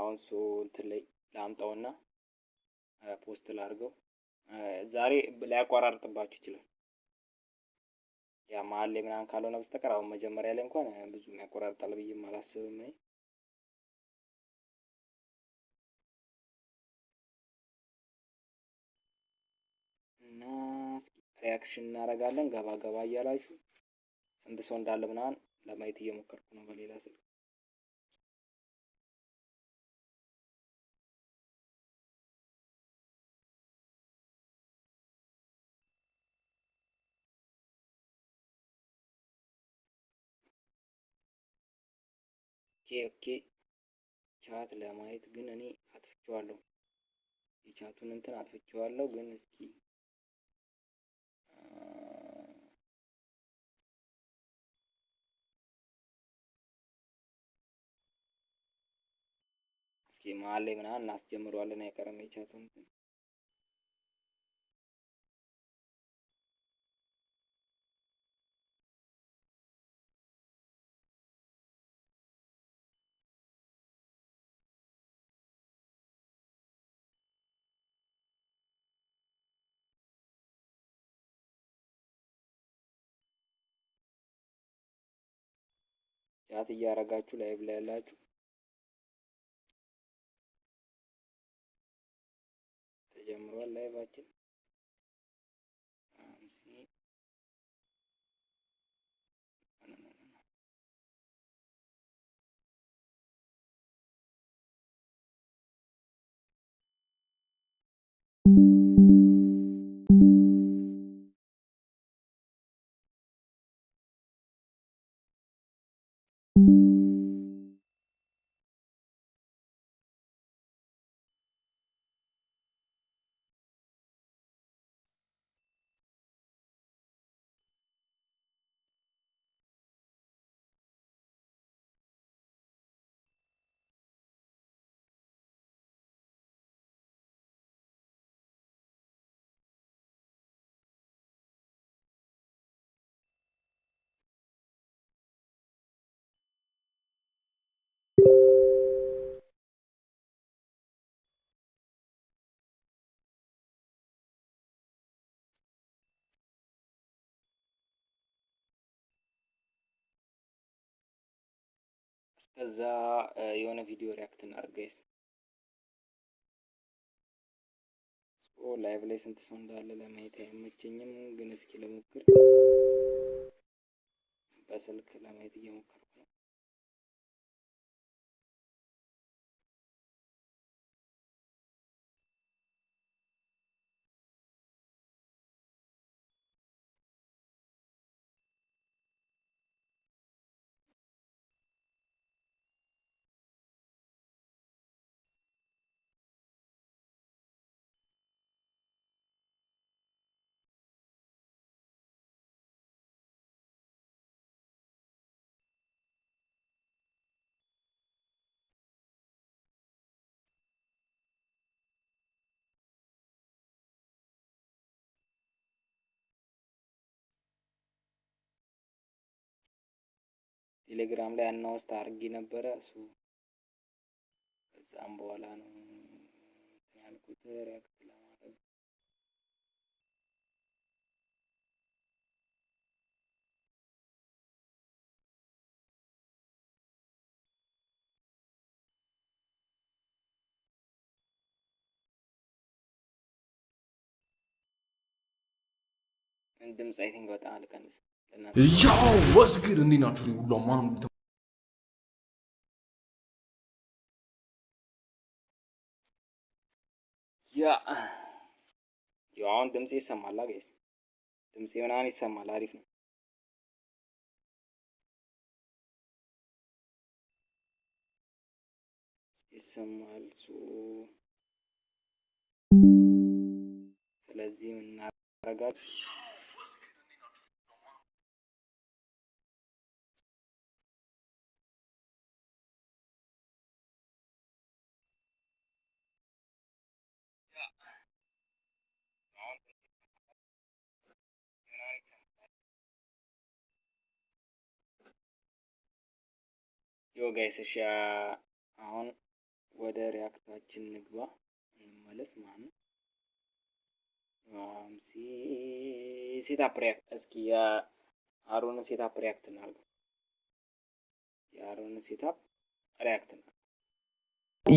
አሁን ሶ እንትን ላይ ላምጣውና ፖስት ላድርገው። ዛሬ ሊያቋራርጥባችሁ ይችላል። ያ መሀል ላይ ምናምን ካልሆነ በስተቀር አሁን መጀመሪያ ላይ እንኳን ብዙ ያቆራርጣል ብዬም አላስብም። እና ሪያክሽን እናደርጋለን። ገባ ገባ እያላችሁ ስንት ሰው እንዳለ ምናምን ለማየት እየሞከርኩ ነው በሌላ ስልክ ኦኬ ቻት ለማየት ግን እኔ አጥፍቼዋለሁ። የቻቱን እንትን አጥፍቼዋለሁ። ግን እስኪ እስኪ መሀል ላይ ምናምን እናስጀምረዋለን አይቀርም የቻቱን እንትን ጫት እያረጋችሁ ላይቭ ላይ ያላችሁ ተጀምሯል ላይቫችን። ከዛ የሆነ ቪዲዮ ሪያክት እናድርግ ጋይስ። ላይቭ ላይ ስንት ሰው እንዳለ ለማየት አይመቸኝም፣ ግን እስኪ ለሞክር በስልክ ለማየት እየሞከር ቴሌግራም ላይ አናውስት አድርጌ ነበረ። እሱ ከዛም በኋላ ነው ያልኩት ሪያክት ለማድረግ ድምፅ አይ ቲንክ በጣም አልቀንስም ያው ወስግድ እንዴት ናችሁ? ሁሉ ማን ያ አሁን ድምጼ ይሰማል። ጋይስ ድምጼ ምናምን ይሰማል። አሪፍ ነው። ይሰማል። ስለዚህ ምናረጋል ዮ ጋይስ እሺ፣ አሁን ወደ ሪያክታችን ንግባ፣ እንመለስ ማለት ነው። ሴታፕ ሪያክት እስኪ የአሮን ሴታፕ ሪያክት እናድርገው። የአሮን ሴታፕ ሪያክት ነው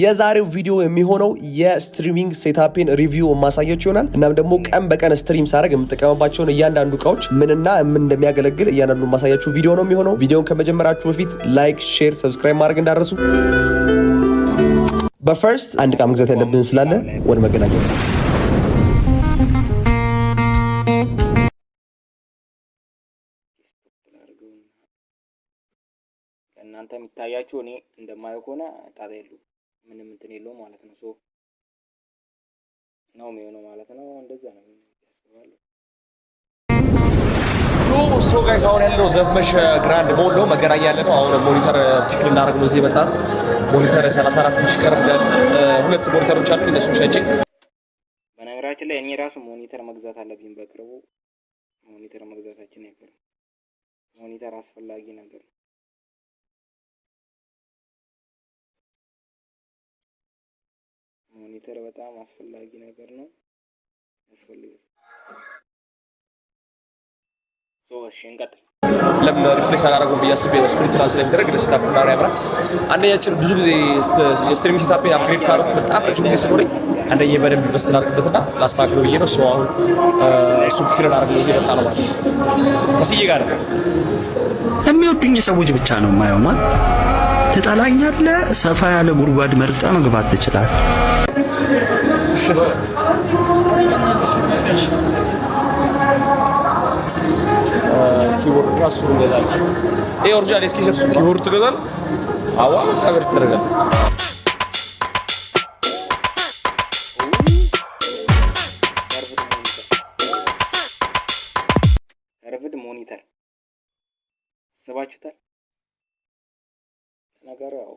የዛሬው ቪዲዮ የሚሆነው የስትሪሚንግ ሴታፔን ሪቪው ማሳያችሁ ይሆናል። እናም ደግሞ ቀን በቀን ስትሪም ሳደርግ የምጠቀምባቸውን እያንዳንዱ እቃዎች ምንና ምን እንደሚያገለግል እያንዳንዱ ማሳያችሁ ቪዲዮ ነው የሚሆነው። ቪዲዮን ከመጀመራችሁ በፊት ላይክ፣ ሼር፣ ሰብስክራይብ ማድረግ እንዳደረሱ በፈርስት አንድ እቃ መግዛት ያለብን ስላለ ወደ መገናኛ እናንተ የሚታያችሁ እኔ እንደማየው ከሆነ ጣጣ የለውም። ምንም እንትን የለውም ማለት ነው። ሶ ነው የሚሆነው ማለት ነው። እንደዛ ነው ያስባለሁ። ሶ ጋይስ አሁን ያለው ዘመሽ ግራንድ ሞል ነው መገናኛ ያለ ነው። አሁን ሞኒተር ፒክ ልናደርግ ነው እዚህ ሞኒተር 34 ትንሽ ቀር ሁለት ሞኒተሮች አሉ እነሱ በነገራችን ላይ እኔ ራሱ ሞኒተር መግዛት አለብኝ በቅርቡ። ሞኒተር መግዛታችን አይቀርም። ሞኒተር አስፈላጊ ነገር ነው። ሞኒተር በጣም አስፈላጊ ነገር ነው ያስፈልጋል። እሺ እንቀጥል። ለምን ሪፕሌስ አላደረገውም ብዬ አስቤ ነው። ስፕሪንት ላብ ስለሚደረግ ለሴታፕ ባሪ ያምራል። አንደኛችን ብዙ ጊዜ የስትሪሚንግ ሴታፕ አፕግሬድ ካደረኩ በጣም ረጅም ጊዜ ስለሆነ አንደኛ በደንብ ኢንቨስት ላደርግበትና ላስተካክል ብዬ ነው። ሰው አሁን እሱ ክረን አደረግ ጊዜ መጣ ነው ማለት ከስዬ ጋር ነው የሚወዱኝ ሰዎች ብቻ ነው ማለት ትጠላኛለህ፣ ሰፋ ያለ ጉድጓድ መርጠህ መግባት ትችላለህ። ኪቦርድ እራሱ እንገዛለን። ይሄ ኦርጃል እስኪ ሸርሱ ኪቦርድ ትገዛል። አዋ ቀብር ይደረጋል። ከርቭድ ሞኒተር ስባችሁታል ነገሩ ያው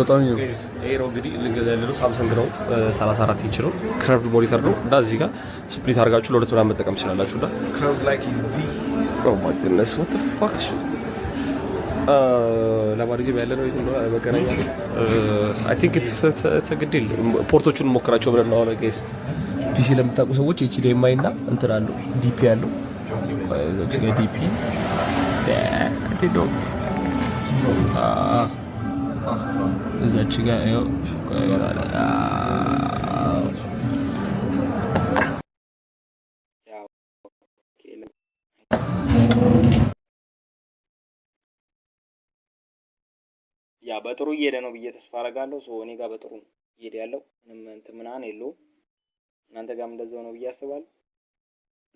በጣም ነው ኤሮ እንግዲህ ልገዛ ያለው ሳምሰንግ ነው 34 ኢንች ነው። ከርቭድ ሞኒተር ነው እና እዚህ ጋር ስፕሊት አድርጋችሁ ለሁለት ብራ መጠቀም ትችላላችሁ። እና ከርቭድ ላይክ ኢዝ ዲ ኦ ማይ ጎድነስ ዋት ዘ ፋክ እ ለማድረግ ያለ ነው መገናኛ አይ ቲንክ ኢትስ ኢትስ ግድ ይል ፖርቶቹን ሞክራቸው ብለን ነው አሁን ጌስ ፒሲ ለምታውቁ ሰዎች ኤች ዲ ኤም አይ እና እንትን አለው ዲፒ አለው ዲፒ ዲ እዛች ጋር ያ በጥሩ እየሄደ ነው ብዬ ተስፋ አደርጋለሁ። ሰው እኔ ጋር በጥሩ እየሄደ ያለው ምንም እንትን ምናምን የለውም። እናንተ ጋርም እንደዛው ነው ብዬ አስባለሁ።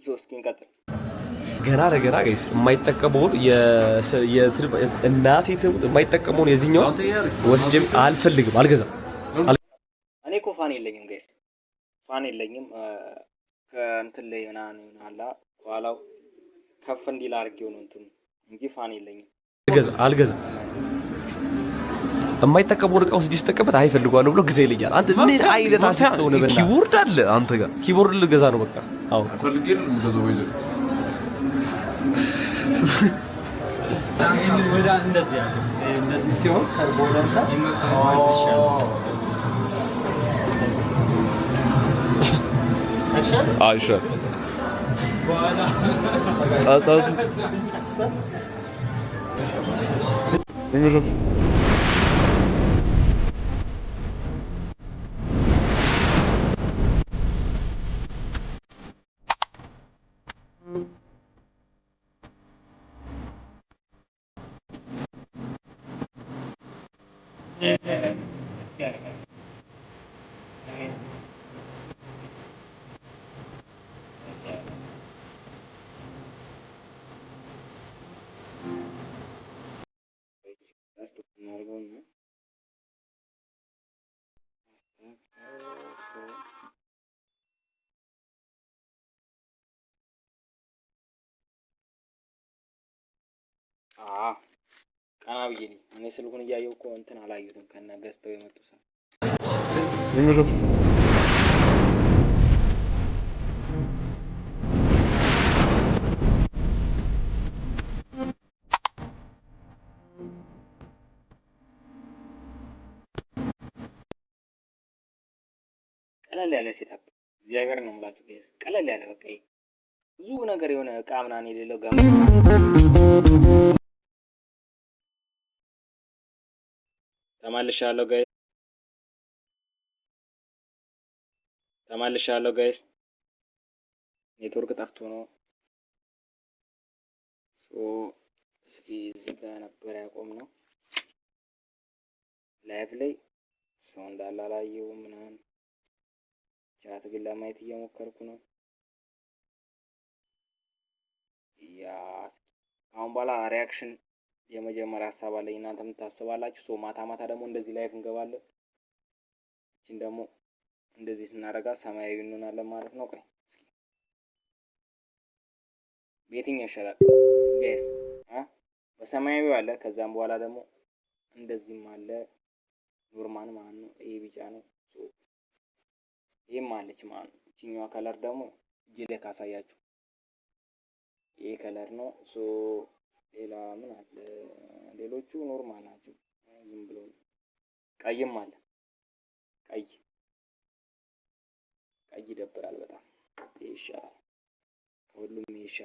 ሶ እስኪ እንቀጥል። ገና ለገና ጋይስ የማይጠቀመውን እናቴ ትሙት የማይጠቀመውን የዚህኛውን ወስጄም አልፈልግም፣ አልገዛም። እኔ እኮ ፋን የለኝም ጋይስ፣ ፋን የለኝም። ከእንትን ላይ ምናምን አላ ኋላው ከፍ እንዲል አድርጌው ነው እንትኑ እንጂ ፋን የለኝም፣ አልገዛም። የማይጠቀመውን እቃ ውስጥ ሲጠቀምበት አይፈልጓለሁ ብሎ ግዛ ይለኛል። አንተ ምን አይነት ሰው ነህ? ኪቦርድ አለ አንተ ጋር ኪቦርድ ልገዛ ነው በቃ አዎ ልገዛው ይህን ወደ እንደዚህ ያለ እንደዚህ ሲሆን ከርቦለሻ ይሻል ጸጸቱ Ah. አብይ ነኝ እኔ። ስልኩን እያየሁ እኮ እንትን አላዩትም። ከነ ገዝተው የመጡ ሰው ቀለል ያለ ሴት እግዚአብሔር ነው የምላችሁ። ቀለል ያለ በቃ ብዙ ነገር የሆነ እቃ ምናምን የሌለው ተመልሻለሁ ጋይስ ተመልሻለሁ ጋይስ ኔትወርክ ጠፍቶ ነው። ሶ እስኪ እዚህ ጋር ነበር ያቆም ነው ላይቭ ላይ ሰው እንዳለ አላየሁም ምናምን ቻት ግን ለማየት እየሞከርኩ ነው። ያ አሁን በኋላ ሪያክሽን የመጀመሪያ ሀሳብ አለኝ። እናንተም ታስባላችሁ። ሶ ማታ ማታ ደግሞ እንደዚህ ላይፍ እንገባለን። ይህችን ደግሞ እንደዚህ ስናደርጋ ሰማያዊ እንሆናለን ማለት ነው። ቆይ የትኛው ይሻላል? ቤስ በሰማያዊ አለ። ከዛም በኋላ ደግሞ እንደዚህም አለ ኖርማል ማለት ነው። ይሄ ቢጫ ነው። ይህም አለች ማለት ነው። ይችኛዋ ከለር ደግሞ እጅ ላይ ካሳያችሁ ይሄ ከለር ነው። ሌላ ምን አለ? ሌሎቹ ኖርማል ናቸው። ዝም ብሎ ቀይም አለ። ቀይ ቀይ ይደብራል በጣም ይሻላል። ከሁሉም ይሻላል።